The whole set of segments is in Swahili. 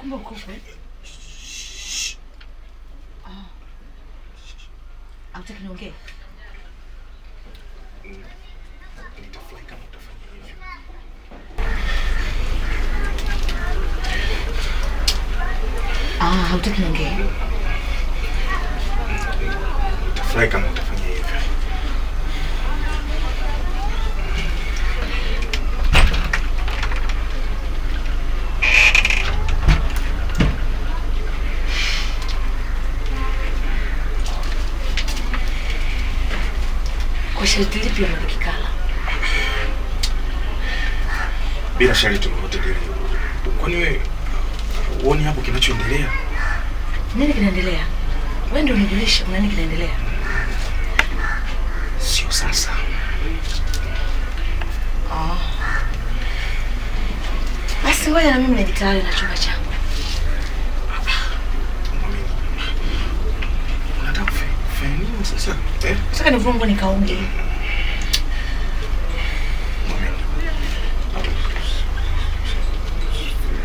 콤보 콤 그냥 오 아, 앞자 그냥 오게. Fly come out of sharti lipi Mama Kikala? Bila sharti lolote lile. Kwani wewe uone hapo kinachoendelea? Nini kinaendelea? Wewe ndio unajulisha kuna nini kinaendelea? Sio sasa. Ah. Basi ngoja na mimi najitayari na chumba changu. Sasa nivua nguo nikaonge.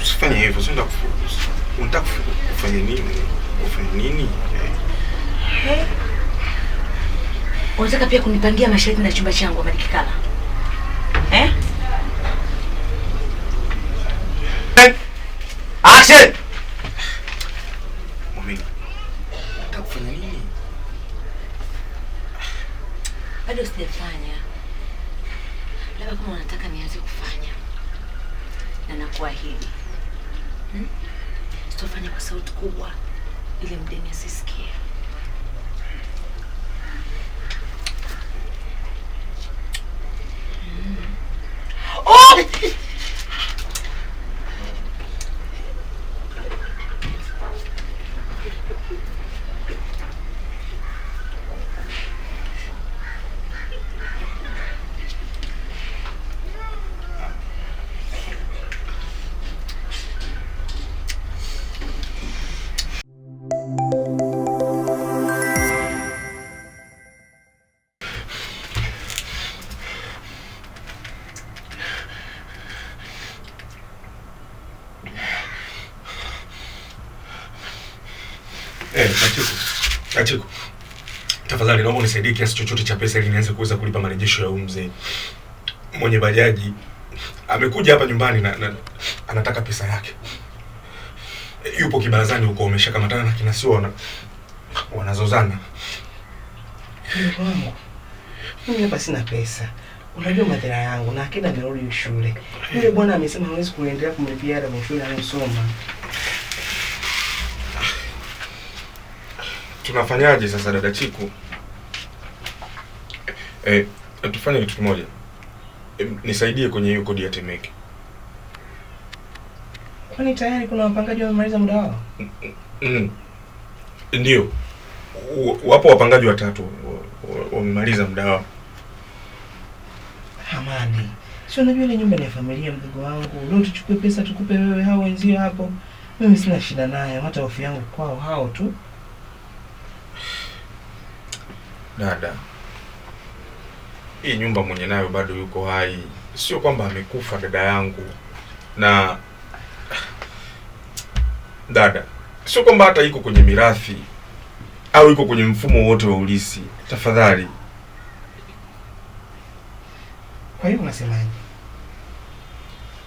Usifanye hivyo, sio ndakufu. Unataka kufanya nini? Ufanye nini? Eh? Unataka pia kunipangia masharti na chumba changu Madikikala? Eh? eh? Action! na nakuahidi hmm? Tutafanya kwa sauti kubwa ili mdeni asisikie. Pachuku. Pachuku. Tafadhali naomba unisaidie kiasi chochote cha pesa ili nianze kuweza kulipa marejesho ya huyu mzee. Mwenye bajaji amekuja hapa nyumbani na, na anataka pesa yake. Yupo kibarazani huko ameshakamatana na kina sio wana, wanazozana. Mimi hapa sina pesa. Unajua madhara yangu na akida amerudi shule. Yule bwana amesema hawezi kuendelea kumlipia ada kwa shule anayosoma. tunafanyaje sasa dada Chiku? Eh, eh tufanye kitu kimoja. E, nisaidie kwenye hiyo kodi ya Temeke. Kwani tayari kuna wapangaji wamemaliza muda wao? Mm. mm, mm. Ndio. Wapo wapangaji watatu wamemaliza muda wao. Amani. Sio, unajua ile nyumba ni ya familia mdogo wangu. Leo tuchukue pesa tukupe wewe hao wenzio hapo. Mimi sina shida naye, hata hofu yangu kwao hao tu. Dada, hii nyumba mwenye nayo bado yuko hai, sio kwamba amekufa dada yangu. Na dada, sio kwamba hata iko kwenye mirathi au iko kwenye mfumo wote wa ulisi. Tafadhali. Kwa hiyo unasemaje?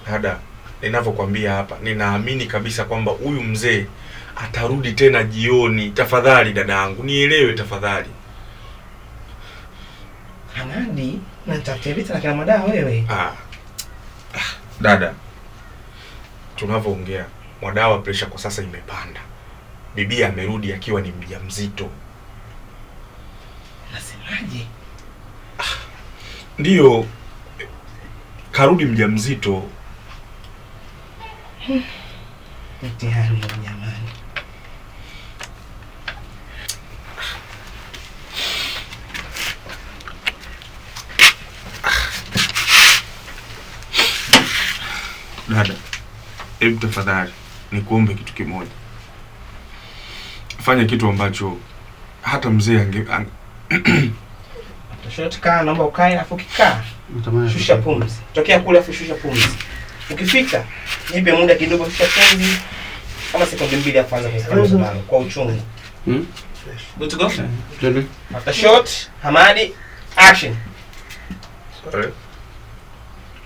Dada, ninavyokwambia hapa, ninaamini kabisa kwamba huyu mzee atarudi tena jioni. Tafadhali dada yangu, nielewe tafadhali. Hanadi na nitafutia vita na kina madaa wewe. Ah. Ah, dada. Tunavyoongea Mwadawa pressure kwa sasa imepanda. Bibi amerudi akiwa ni mjamzito. Nasemaje? Ah. Ndiyo karudi mjamzito. Hmm. Mtihani wa jamani. Dada, hebu tafadhali nikuombe kitu kimoja, fanya kitu ambacho hata mzee ange Utashotika, naomba ukae afu kikaa Shusha pumzi. Tokea kule afu shusha pumzi. Ukifika, nipe muda kidogo shusha pumzi. Kama sekunde mbili afu anza kwa uchungu. Hmm? Good to go. After shot, Hamadi, action. Sorry.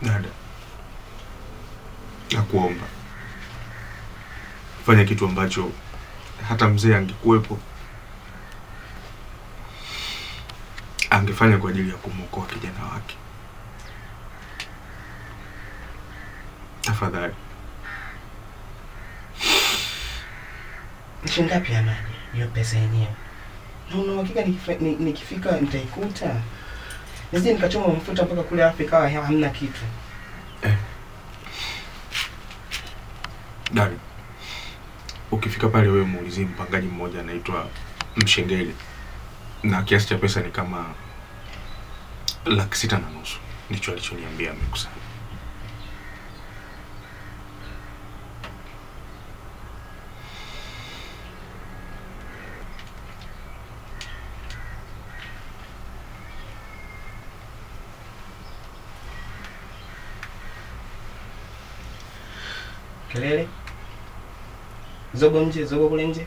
Dada, nakuomba fanya kitu ambacho hata mzee angekuwepo angefanya kwa ajili ya kumwokoa kijana wake. Tafadhali. Shilingi ngapi? Amani, hiyo pesa yenyewe. Na una uhakika nikifika nitaikuta? Nisije nikachoma mafuta mpaka kule Afrika hamna kitu. Eh. Dari. Ukifika pale wewe muulizie mpangaji mmoja anaitwa Mshengeli. Na kiasi cha pesa ni kama laki sita na nusu. Ndicho alichoniambia amekusanya. kelele, zogo nje, zogo kule nje.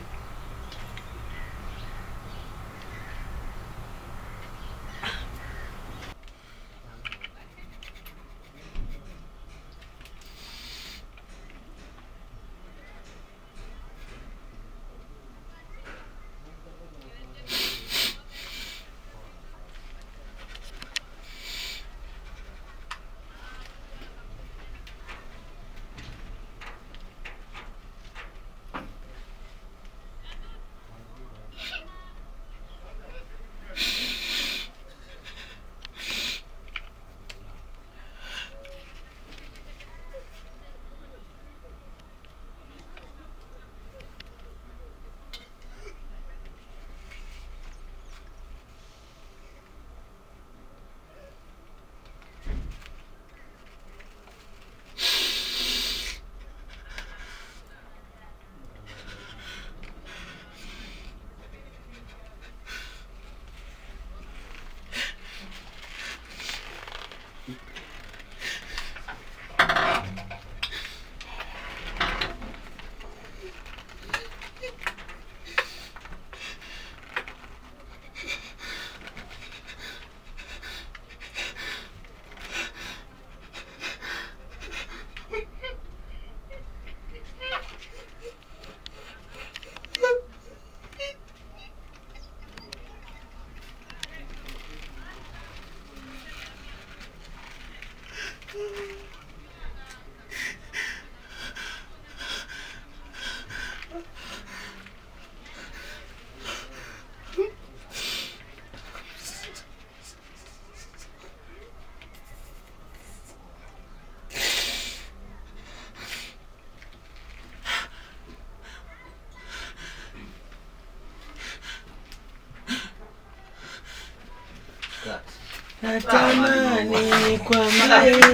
natamani kwa